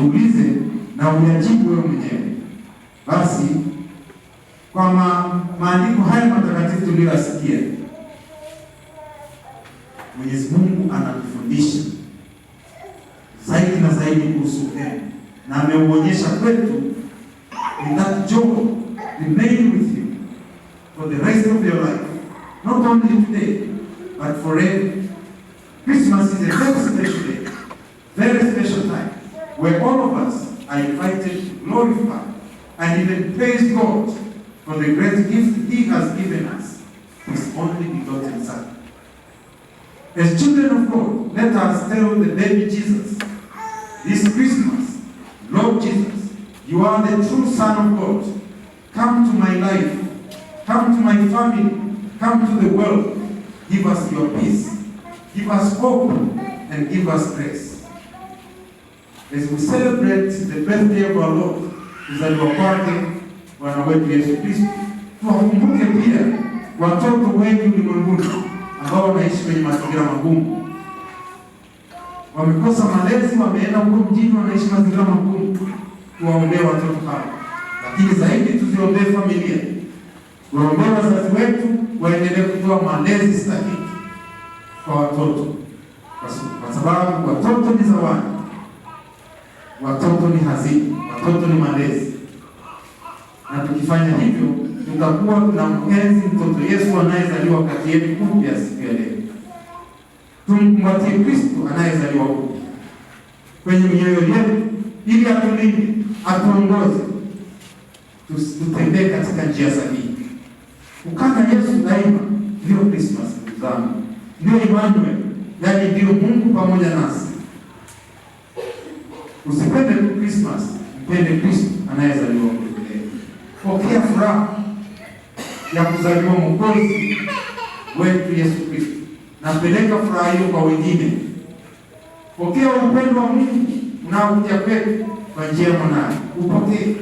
ujiulize na uyajibu wewe mwenyewe. Basi kwa ma, maandiko haya matakatifu tuliyoyasikia, Mwenyezi Mungu anatufundisha zaidi na zaidi kuhusu neno na ameuonyesha kwetu in that joy remain with you for the rest of your life not only today but forever. Christmas is a very special day, very special where all of us are invited to glorify and even praise God for the great gift He has given us, His only begotten Son. As children of God, let us tell the baby Jesus this Christmas, Lord Jesus, you are the true Son of God. Come to my life, come to my family, come to the world. Give us your peace, give us hope, and give us grace. As we celebrate the birthday of our Lord, kuzaliwa kwake Bwana wetu Yesu Kristo, tuwakumbuke pia watoto wengi ulimwenguni ambao wanaishi kwenye mazingira magumu, wamekosa malezi, wameenda huko mjini, wanaishi mazingira magumu. Tuwaombee watoto hao, lakini zaidi tuziombee familia, tuwaombee wazazi wetu waendelee kutoa malezi stahiki kwa watoto, kwa sababu watoto ni zawadi Watoto ni hazina, watoto ni malezi, na tukifanya hivyo tutakuwa tunamhenzi mtoto Yesu anayezaliwa kati yetu upya siku ya leo. Tumkumbatie kristo anayezaliwa upya kwenye mioyo yetu, ili atulinde, atuongoze, tutembee katika njia sahihi. Kukana Yesu daima ndiyo Krismasi, ndugu zangu, ndio Emmanuel, yaani ndio Mungu pamoja nasi. Usipende tu Christmas, mpende Kristo anayezaliwa kutoka. Pokea furaha ya kuzaliwa mwokozi wetu Yesu Kristo, napeleka furaha hiyo kwa wengine. Pokea upendo wa Mungu unaokuja kwetu kwa njia ya mwanaye, upokee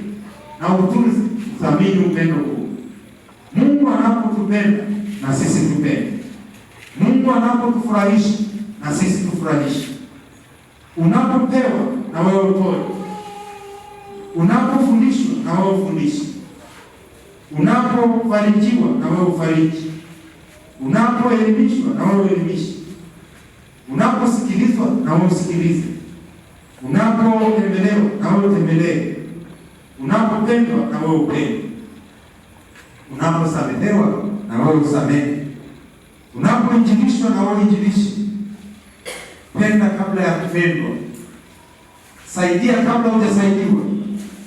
na utunze, thamini upendo huu. Mungu anapotupenda na sisi tupende. Mungu anapotufurahisha na sisi tufurahishe. Unapopewa na wewe utoe, unapofundishwa na wewe ufundishe, unapofarijiwa na wewe ufariji, unapoelimishwa na wewe uelimishe, unaposikilizwa na wewe usikilize, unapotembelewa na wewe utembelee, unapopendwa na wewe upende, unaposamehewa na wewe usamehe, unapoinjilishwa na wewe injilishe penda kabla ya kupendwa, saidia kabla hujasaidiwa,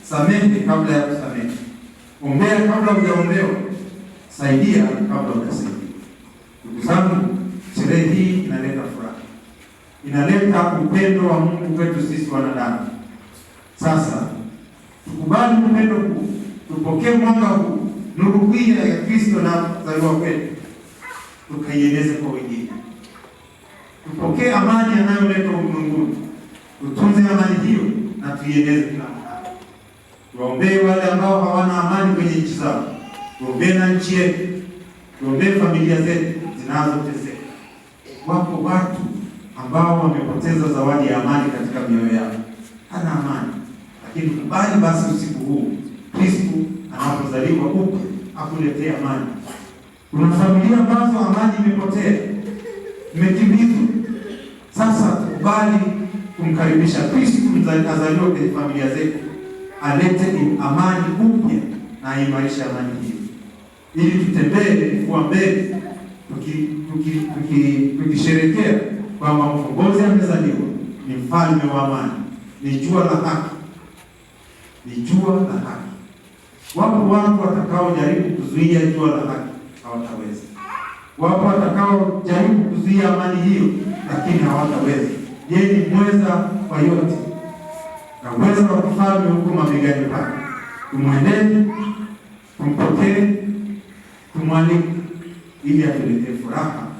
samehe kabla ya kusamehe, ombea kabla hujaombewa, saidia kabla hujasaidiwa. Ndugu zangu, sherehe hii inaleta furaha, inaleta upendo wa Mungu kwetu sisi wanadamu. Sasa tukubali upendo huu, tupokee mwanga huu, nuru hii ya Kristo na zaliwa kwetu, tukaieleze kwa wengine. Tupokee amani anayoletwa ulimwenguni, tutunze amani hiyo na tuieneze kila mahali. Tuombee wale ambao hawana amani kwenye nchi zao, tuombee na nchi yetu, tuombee familia zetu zinazoteseka. Wapo watu ambao wamepoteza zawadi ya amani katika mioyo yao, hana amani. Lakini kubali basi usiku huu kristu anapozaliwa upya akuletee amani. Kuna familia ambazo amani imepotea, imekimbizwa sasa kubali kumkaribisha Kristo azaliwa kwenye familia zetu, alete amani upya na aimarishe amani hii, ili tutembee kifua mbele, tukisherekea kwamba mkombozi amezaliwa, ni mfalme wa amani, ni jua la haki, ni jua la haki. Wapo watu watakaojaribu kuzuia jua la haki, hawataweza. Wapo watakao jaribu kuzuia amani hiyo, lakini hawataweza. Yeye ni mweza kwa yote na uweza wa kufalme huko mabegani pake. Tumwendeni, tumpokee, tumwalike ili atuletee furaha